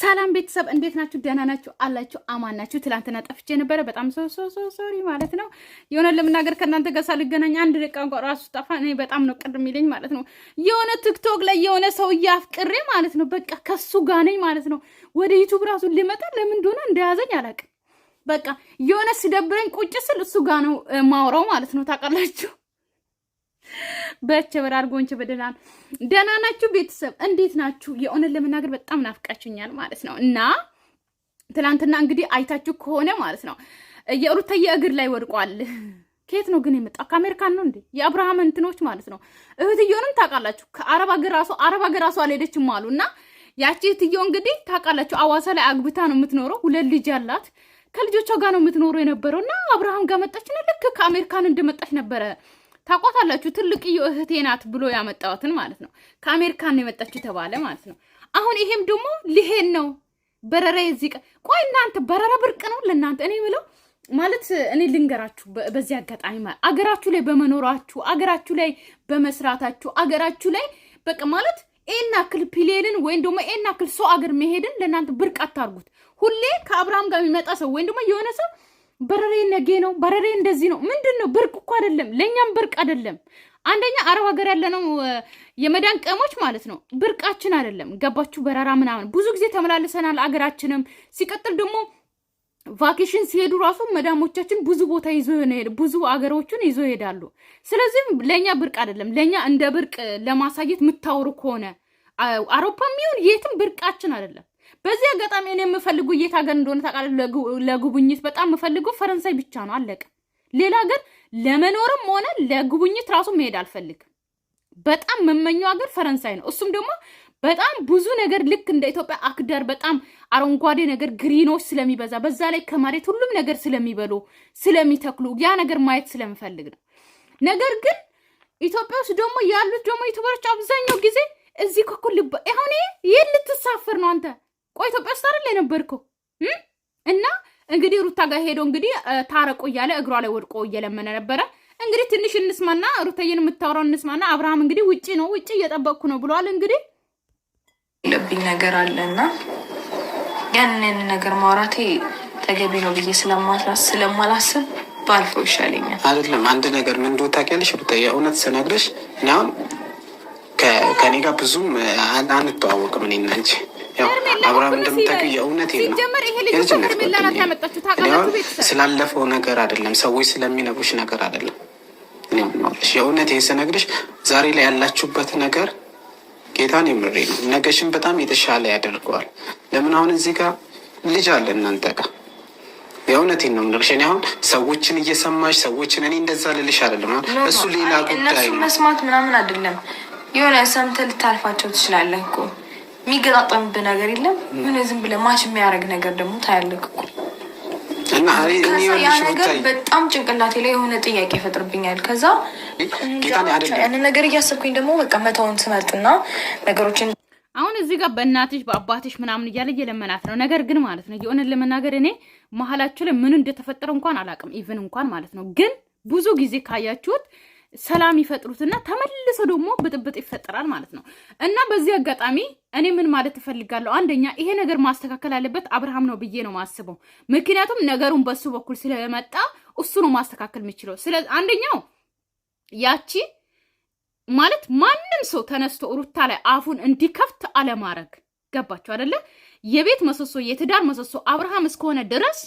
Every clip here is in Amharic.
ሰላም ቤተሰብ እንዴት ናችሁ? ደህና ናችሁ? አላችሁ? አማን ናችሁ? ትላንትና ጠፍቼ ነበረ። በጣም ሶሪ ማለት ነው። የሆነ ለምናገር ከእናንተ ጋር ሳልገናኝ አንድ ደቂቃ እንኳ ራሱ ጠፋ። እኔ በጣም ነው ቅር የሚለኝ ማለት ነው። የሆነ ቲክቶክ ላይ የሆነ ሰው አፍቅሬ ማለት ነው፣ በቃ ከሱ ጋር ነኝ ማለት ነው። ወደ ዩቱብ ራሱ ልመጣ ለምን እንደሆነ እንደያዘኝ አላውቅም። በቃ የሆነ ሲደብረኝ ቁጭ ስል እሱ ጋር ነው ማውራው ማለት ነው። ታውቃላችሁ በቸ በራርጎንች በደህና ደህና ናችሁ? ቤተሰብ እንዴት ናችሁ? የእውነት ለመናገር በጣም ናፍቃችሁኛል ማለት ነው እና ትላንትና እንግዲህ አይታችሁ ከሆነ ማለት ነው የሩታዬ እግር ላይ ወድቋል። ከየት ነው ግን የመጣው? ከአሜሪካን ነው እንዴ? የአብርሃም እንትኖች ማለት ነው። እህትየውንም ታውቃላችሁ ከአረብ ሀገር ራሱ አረብ ሀገር ራሱ አልሄደችም አሉ እና ያቺ እህትዮ እንግዲህ ታውቃላችሁ አዋሳ ላይ አግብታ ነው የምትኖረው። ሁለት ልጅ አላት። ከልጆቿ ጋር ነው የምትኖረው የነበረው እና አብርሃም ጋር መጣችና ልክ ከአሜሪካን እንደመጣች ነበረ ታውቋታላችሁ። ትልቅዬ እህቴ ናት ብሎ ያመጣዋትን ማለት ነው። ከአሜሪካ ነው የመጣችሁ ተባለ ማለት ነው። አሁን ይሄም ደግሞ ሊሄን ነው በረራ የዚህ ቀን። ቆይ እናንተ በረራ ብርቅ ነው ለእናንተ? እኔ ብለው ማለት እኔ ልንገራችሁ በዚህ አጋጣሚ ማለት አገራችሁ ላይ በመኖራችሁ አገራችሁ ላይ በመስራታችሁ አገራችሁ ላይ በቃ ማለት ኤና ክል ፕሌንን ወይም ደግሞ ኤና ክል ሰው አገር መሄድን ለእናንተ ብርቅ አታርጉት። ሁሌ ከአብርሃም ጋር የሚመጣ ሰው ወይም ደግሞ የሆነ ሰው በረሬ ነጌ ነው፣ በረሬ እንደዚህ ነው። ምንድን ነው ብርቅ እኮ አይደለም፣ ለእኛም ብርቅ አይደለም። አንደኛ አረብ ሀገር ያለነው የመዳን ቀሞች ማለት ነው ብርቃችን አይደለም። ገባችሁ? በረራ ምናምን ብዙ ጊዜ ተመላልሰናል አገራችንም። ሲቀጥል ደግሞ ቫኬሽን ሲሄዱ ራሱ መዳሞቻችን ብዙ ቦታ ይዞ ብዙ አገሮችን ይዞ ይሄዳሉ። ስለዚህም ለእኛ ብርቅ አይደለም። ለእኛ እንደ ብርቅ ለማሳየት የምታወሩ ከሆነ አውሮፓ የሚሆን የትም ብርቃችን አይደለም። በዚህ አጋጣሚ እኔ የምፈልጉ የት ሀገር እንደሆነ ታውቃለህ? ለጉብኝት በጣም የምፈልገው ፈረንሳይ ብቻ ነው፣ አለቀ። ሌላ ሀገር ለመኖርም ሆነ ለጉብኝት ራሱ መሄድ አልፈልግም። በጣም መመኘው ሀገር ፈረንሳይ ነው። እሱም ደግሞ በጣም ብዙ ነገር ልክ እንደ ኢትዮጵያ አክደር በጣም አረንጓዴ ነገር ግሪኖች ስለሚበዛ በዛ ላይ ከመሬት ሁሉም ነገር ስለሚበሉ ስለሚተክሉ ያ ነገር ማየት ስለምፈልግ ነው። ነገር ግን ኢትዮጵያ ውስጥ ደግሞ ያሉት ደግሞ ዩቱበሮች አብዛኛው ጊዜ እዚህ ኮኮ ልባ ሁን ይህ ልትሳፍር ነው አንተ ቆይ ኢትዮጵያ ውስጥ አይደል የነበርከው? እና እንግዲህ ሩታ ጋር ሄዶ እንግዲህ ታረቆ እያለ እግሯ ላይ ወድቆ እየለመነ ነበረ። እንግዲህ ትንሽ እንስማና ሩታዬን የምታወራው እንስማና። አብርሃም እንግዲህ ውጭ ነው ውጭ እየጠበቅኩ ነው ብለዋል። እንግዲህ ልብኝ ነገር አለና ያንን ነገር ማውራቴ ተገቢ ነው ብዬ ስለማላስብ ባልፎ ይሻለኛል። አይደለም አንድ ነገር ምን እንደው ታውቂያለሽ ሩታ፣ የእውነት ስነግርሽ እኔ አሁን ከኔ ጋር ብዙም አንተዋወቅም እኔና አንቺ አብርሃም እንደምታውቂው የእውነት ስላለፈው ነገር አይደለም፣ ሰዎች ስለሚነግሩሽ ነገር አይደለም። የእውነት ይሄ ስነግርሽ ዛሬ ላይ ያላችሁበት ነገር ጌታን የምሬ ነው። ነገሽን በጣም የተሻለ ያደርገዋል። ለምን አሁን እዚህ ጋር ልጅ አለ እናንተ ጋር የእውነቴን ነው የምልሽ። እኔ አሁን ሰዎችን እየሰማሽ ሰዎችን እኔ እንደዛ ልልሽ አይደለም። እሱ ሌላ ጉዳይ መስማት ምናምን አይደለም። የሆነ ሰምተህ ልታልፋቸው ትችላለህ እኮ የሚገጣጠምብህ ነገር የለም። ምን ዝም ብለህ ማች የሚያደርግ ነገር ደግሞ ታያለህ ያ ነገር በጣም ጭንቅላቴ ላይ የሆነ ጥያቄ ይፈጥርብኛል። ከዛ ያን ነገር እያሰብኩኝ ደግሞ በቃ መተውን ስመርጥና ነገሮችን አሁን እዚህ ጋር በእናትሽ በአባትሽ ምናምን እያለ እየለመናት ነው። ነገር ግን ማለት ነው የሆነን ለመናገር እኔ መሀላችሁ ላይ ምን እንደተፈጠረ እንኳን አላውቅም። ኢቭን እንኳን ማለት ነው ግን ብዙ ጊዜ ካያችሁት ሰላም ይፈጥሩትና ተመልሶ ደግሞ ብጥብጥ ይፈጠራል ማለት ነው። እና በዚህ አጋጣሚ እኔ ምን ማለት እፈልጋለሁ፣ አንደኛ ይሄ ነገር ማስተካከል ያለበት አብርሃም ነው ብዬ ነው ማስበው። ምክንያቱም ነገሩን በሱ በኩል ስለመጣ እሱ ነው ማስተካከል የሚችለው። ስለዚህ አንደኛው ያቺ ማለት ማንም ሰው ተነስቶ ሩታ ላይ አፉን እንዲከፍት አለማድረግ ገባቸው አደለ? የቤት ምሰሶ የትዳር ምሰሶ አብርሃም እስከሆነ ድረስ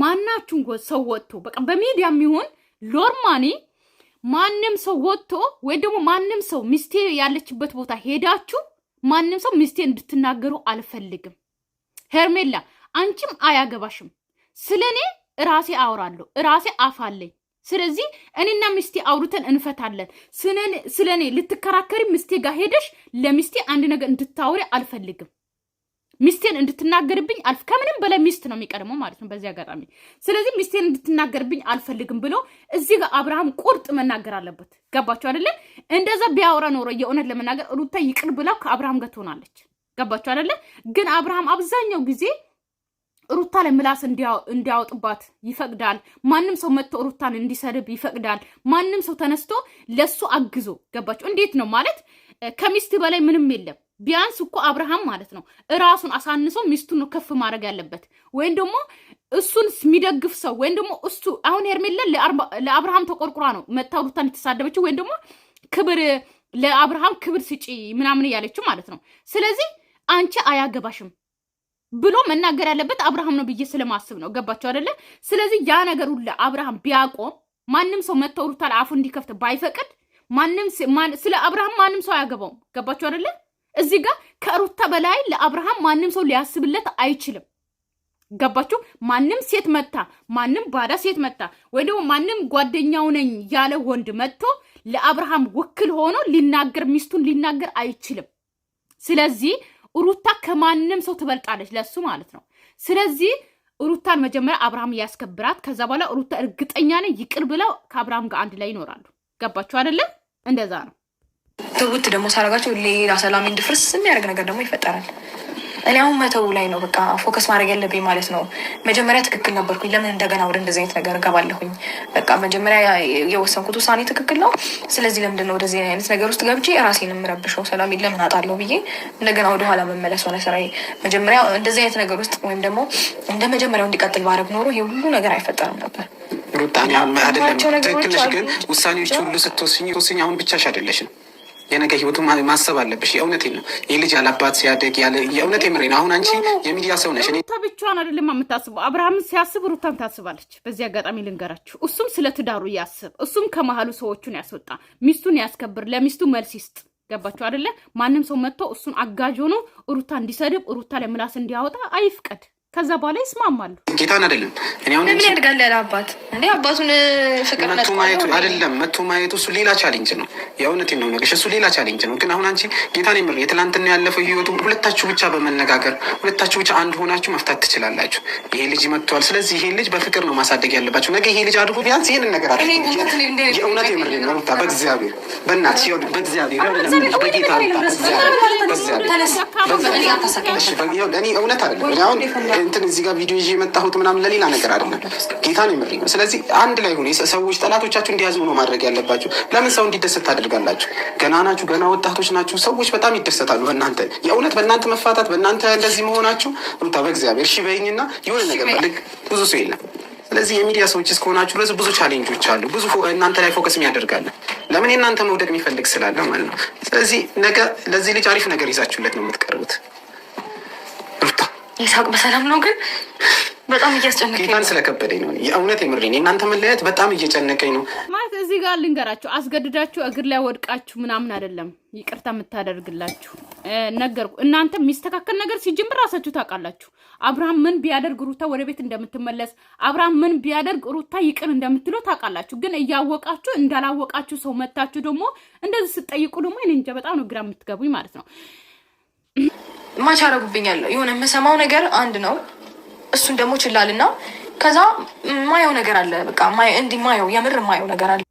ማናችሁን ሰው ወጥቶ በቃ በሚዲያ የሚሆን ሎርማኒ ማንም ሰው ወጥቶ ወይ ደግሞ ማንም ሰው ሚስቴ ያለችበት ቦታ ሄዳችሁ ማንም ሰው ሚስቴ እንድትናገሩ አልፈልግም። ሄርሜላ አንቺም አያገባሽም። ስለ እኔ እራሴ አወራለሁ፣ እራሴ አፋለኝ። ስለዚህ እኔና ሚስቴ አውርተን እንፈታለን። ስለ እኔ ልትከራከሪ ሚስቴ ጋር ሄደሽ ለሚስቴ አንድ ነገር እንድታወሪ አልፈልግም። ሚስቴን እንድትናገርብኝ አልፍ ከምንም በላይ ሚስት ነው የሚቀድመው ማለት ነው በዚህ አጋጣሚ። ስለዚህ ሚስቴን እንድትናገርብኝ አልፈልግም ብሎ እዚህ ጋር አብርሃም ቁርጥ መናገር አለበት። ገባችሁ አይደለ? እንደዛ ቢያወራ ኖሮ የእውነት ለመናገር ሩታ ይቅር ብላው ከአብርሃም ጋር ትሆናለች። ገባችሁ አይደለ? ግን አብርሃም አብዛኛው ጊዜ ሩታ ላይ ምላስ እንዲያወጥባት ይፈቅዳል። ማንም ሰው መጥቶ ሩታን እንዲሰድብ ይፈቅዳል። ማንም ሰው ተነስቶ ለሱ አግዞ ገባችሁ። እንዴት ነው ማለት ከሚስት በላይ ምንም የለም። ቢያንስ እኮ አብርሃም ማለት ነው እራሱን አሳንሶ ሚስቱን ነው ከፍ ማድረግ ያለበት፣ ወይም ደግሞ እሱን የሚደግፍ ሰው ወይም ደግሞ እሱ አሁን ሄርሜላ ለአብርሃም ተቆርቁራ ነው መታ የተሳደበችው፣ ወይም ደግሞ ክብር ለአብርሃም ክብር ስጪ ምናምን እያለችው ማለት ነው። ስለዚህ አንቺ አያገባሽም ብሎ መናገር ያለበት አብርሃም ነው ብዬ ስለማስብ ነው። ገባቸው አደለ? ስለዚህ ያ ነገር ሁሉ አብርሃም ቢያቆም ማንም ሰው መተው አፉ እንዲከፍት ባይፈቅድ ማንም ስለ አብርሃም ማንም ሰው አያገባውም። ገባቸው አይደለ? እዚህ ጋር ከሩታ በላይ ለአብርሃም ማንም ሰው ሊያስብለት አይችልም። ገባችሁ? ማንም ሴት መታ ማንም ባዳ ሴት መታ ወይ ደግሞ ማንም ጓደኛው ነኝ ያለ ወንድ መጥቶ ለአብርሃም ውክል ሆኖ ሊናገር ሚስቱን ሊናገር አይችልም። ስለዚህ ሩታ ከማንም ሰው ትበልጣለች ለሱ ማለት ነው። ስለዚህ ሩታን መጀመሪያ አብርሃም ያስከብራት። ከዛ በኋላ ሩታ እርግጠኛ ነኝ ይቅር ብለው ከአብርሃም ጋር አንድ ላይ ይኖራሉ። ገባችሁ አይደለም? እንደዛ ነው። ትውት ደግሞ ሳረጋቸው ሌላ ሰላም እንድፍርስ የሚያደርግ ነገር ደግሞ ይፈጠራል። እኔ አሁን መተው ላይ ነው በቃ ፎከስ ማድረግ ያለብኝ ማለት ነው። መጀመሪያ ትክክል ነበርኩኝ። ለምን እንደገና ወደ እንደዚህ አይነት ነገር እገባለሁኝ? በቃ መጀመሪያ የወሰንኩት ውሳኔ ትክክል ነው። ስለዚህ ለምንድን ነው ወደዚህ አይነት ነገር ውስጥ ገብቼ ራሴን የምረብሸው? ሰላም ለምን አጣለሁ ብዬ እንደገና ወደኋላ መመለስ ሆነ ስራዬ። መጀመሪያ እንደዚህ አይነት ነገር ውስጥ ወይም ደግሞ እንደ መጀመሪያው እንዲቀጥል ባረግ ኖሮ ይሄ ሁሉ ነገር አይፈጠርም ነበር። ሩጣ አይደለም ትክክል ግን ውሳኔዎች ሁሉ ስትወስኝ አሁን ብቻሽ አይደለሽም የነገ ህይወቱ ማሰብ አለብሽ። የእውነት ነው። ይህ ልጅ ያለአባት ሲያደግ ያለ የእውነት የምሬ ነው። አሁን አንቺ የሚዲያ ሰው ነሽ። ሩታ ብቻዋን አይደለም የምታስበው፣ ሲያስብ ሩታን ታስባለች። በዚህ አጋጣሚ ልንገራችሁ፣ እሱም ስለ ትዳሩ ያስብ፣ እሱም ከመሀሉ ሰዎቹን ያስወጣ፣ ሚስቱን ያስከብር፣ ለሚስቱ መልስ ይስጥ። ገባችሁ አይደለ? ማንም ሰው መጥቶ እሱን አጋዥ ሆኖ ሩታ እንዲሰድብ ሩታ ላይ ምላስ እንዲያወጣ አይፍቀድ። ከዛ በኋላ ይስማማሉ። ጌታን አይደለም እኔ ለምን ያድጋል ያለ አባት እንዴ አባቱን ፍቅር መቶ ማየቱ አይደለም መቶ ማየቱ እሱ ሌላ ቻሌንጅ ነው። የእውነቴን ነው ነገሽ፣ እሱ ሌላ ቻሌንጅ ነው። ግን አሁን አንቺ ጌታን የምር የትላንትና ያለፈው ህይወቱ ሁለታችሁ ብቻ በመነጋገር ሁለታችሁ ብቻ አንድ ሆናችሁ መፍታት ትችላላችሁ። ይሄ ልጅ መጥቷል። ስለዚህ ይሄ ልጅ በፍቅር ነው ማሳደግ ያለባቸው። ነገ ይሄ ልጅ አድጎ ቢያንስ ይህንን ነገር አለ የእውነት የምር ነው። በእግዚአብሔር በእናትሽ በእግዚአብሔር በጌታ በእግዚአብሔር እኔ እውነት አይደለም እንትን እዚህ ጋር ቪዲዮ ይዤ የመጣሁት ምናምን ለሌላ ነገር አይደለም። ጌታ ነው ነው። ስለዚህ አንድ ላይ ሆነ ሰዎች ጠላቶቻችሁ እንዲያዝኑ ነው ማድረግ ያለባቸው ለምን ሰው እንዲደሰት ታደርጋላችሁ? ገና ናችሁ፣ ገና ወጣቶች ናችሁ። ሰዎች በጣም ይደሰታሉ በእናንተ የእውነት በእናንተ መፋታት፣ በእናንተ እንደዚህ መሆናችሁ። ሩታ በእግዚአብሔር እሺ በይኝና የሆነ ነገር በልግ ብዙ ሰው የለም። ስለዚህ የሚዲያ ሰዎች እስከሆናችሁ ድረስ ብዙ ቻሌንጆች አሉ። ብዙ እናንተ ላይ ፎከስ የሚያደርጋለ ለምን የእናንተ መውደድ የሚፈልግ ስላለ ማለት ነው። ስለዚህ ነገ ለዚህ ልጅ አሪፍ ነገር ይዛችሁለት ነው የምትቀርቡት። ይሳቅ በሰላም ነው። ግን በጣም እያስጨነቀኝ ነው። ስለከበደኝ ነው የእውነት የምሬ እናንተ መለያየት በጣም እየጨነቀኝ ነው ማለት እዚህ ጋር ልንገራችሁ፣ አስገድዳችሁ እግር ላይ ወድቃችሁ ምናምን አይደለም ይቅርታ የምታደርግላችሁ ነገርኩ። እናንተ የሚስተካከል ነገር ሲጀምር ራሳችሁ ታውቃላችሁ። አብርሃም ምን ቢያደርግ ሩታ ወደ ቤት እንደምትመለስ፣ አብርሃም ምን ቢያደርግ ሩታ ይቅር እንደምትለው ታውቃላችሁ። ግን እያወቃችሁ እንዳላወቃችሁ ሰው መታችሁ ደግሞ እንደዚህ ስጠይቁ ደግሞ እኔ እንጃ በጣም ነው ግራ የምትገቡኝ ማለት ነው። ማች አረጉብኛለሁ። የሆነ የምሰማው ነገር አንድ ነው፣ እሱን ደግሞ ችላልና ከዛ ማየው ነገር አለ። በቃ እንዲህ ማየው የምር ማየው ነገር አለ።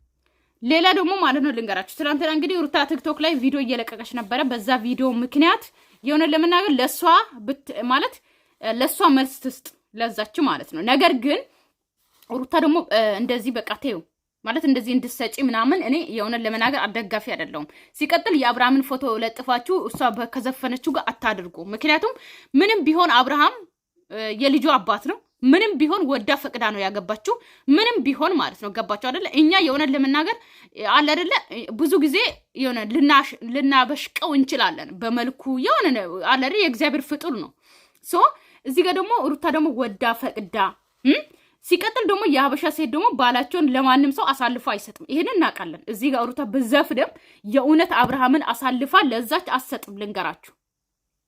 ሌላ ደግሞ ማለት ነው ልንገራችሁ። ትናንትና እንግዲህ ሩታ ቲክቶክ ላይ ቪዲዮ እየለቀቀች ነበረ። በዛ ቪዲዮ ምክንያት የሆነ ለመናገር ለእሷ ማለት ለእሷ መልስ ትስጥ ለዛች ማለት ነው። ነገር ግን ሩታ ደግሞ እንደዚህ በቃ ተይው ማለት እንደዚህ እንድሰጪ ምናምን እኔ የእውነት ለመናገር አደጋፊ አይደለሁም። ሲቀጥል የአብርሃምን ፎቶ ለጥፋችሁ እሷ ከዘፈነችው ጋር አታድርጉ። ምክንያቱም ምንም ቢሆን አብርሃም የልጁ አባት ነው። ምንም ቢሆን ወዳ ፈቅዳ ነው ያገባችሁ። ምንም ቢሆን ማለት ነው ገባችሁ አደለ? እኛ የእውነት ለመናገር አለ አደለ? ብዙ ጊዜ የሆነ ልናበሽቀው እንችላለን በመልኩ የሆነ አለ የእግዚአብሔር ፍጡር ነው። ሶ እዚህ ጋር ደግሞ ሩታ ደግሞ ወዳ ፈቅዳ ሲቀጥል ደግሞ የሀበሻ ሴት ደግሞ ባላቸውን ለማንም ሰው አሳልፎ አይሰጥም። ይሄንን እናውቃለን። እዚህ ጋር ሩታ ብዘፍደም የእውነት አብርሃምን አሳልፋ ለዛች አሰጥም። ልንገራችሁ፣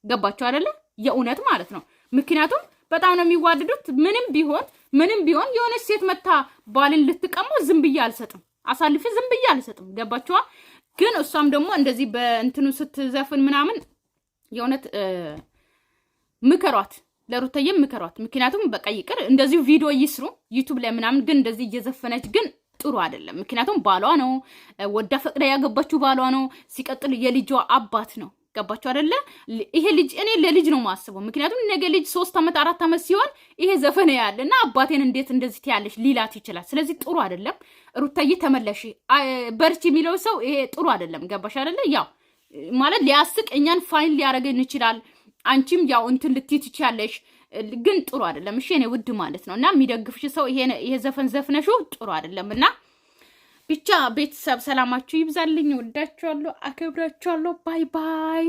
ገባችሁ አይደለ? የእውነት ማለት ነው። ምክንያቱም በጣም ነው የሚዋደዱት። ምንም ቢሆን ምንም ቢሆን የሆነች ሴት መታ ባልን ልትቀመው ዝም ብዬ አልሰጥም፣ አሳልፌ ዝም ብዬ አልሰጥም። ገባችኋ? ግን እሷም ደግሞ እንደዚህ በእንትኑ ስትዘፍን ምናምን የእውነት ምከሯት ለሩታዬ ምከሯት። ምክንያቱም በቃ ይቅር እንደዚሁ ቪዲዮ ይስሩ ዩቱብ ላይ ምናምን፣ ግን እንደዚህ እየዘፈነች ግን ጥሩ አይደለም። ምክንያቱም ባሏ ነው ወዳ ፈቅዳ ያገባችው ባሏ ነው። ሲቀጥል የልጇ አባት ነው። ገባችሁ አይደለ? ይሄ ልጅ እኔ ለልጅ ነው ማስበው። ምክንያቱም ነገ ልጅ ሶስት ዓመት አራት ዓመት ሲሆን ይሄ ዘፈን ያለ እና አባቴን እንዴት እንደዚህ ትያለሽ ሊላት ይችላል። ስለዚህ ጥሩ አይደለም። ሩታዬ ተመለሽ፣ በርቺ የሚለው ሰው ይሄ ጥሩ አይደለም። ገባሽ አይደለ? ያው ማለት ሊያስቅ እኛን ፋይን ሊያደርገን ይችላል። አንቺም ያው እንትን ልትይ ትችያለሽ፣ ግን ጥሩ አይደለም። እሺ እኔ ውድ ማለት ነው እና የሚደግፍሽ ሰው ይሄ ዘፈን ዘፍነሹ ጥሩ አይደለም እና ብቻ ቤተሰብ ሰላማችሁ ይብዛልኝ። ወዳችኋለሁ፣ አከብራችኋለሁ። ባይ ባይ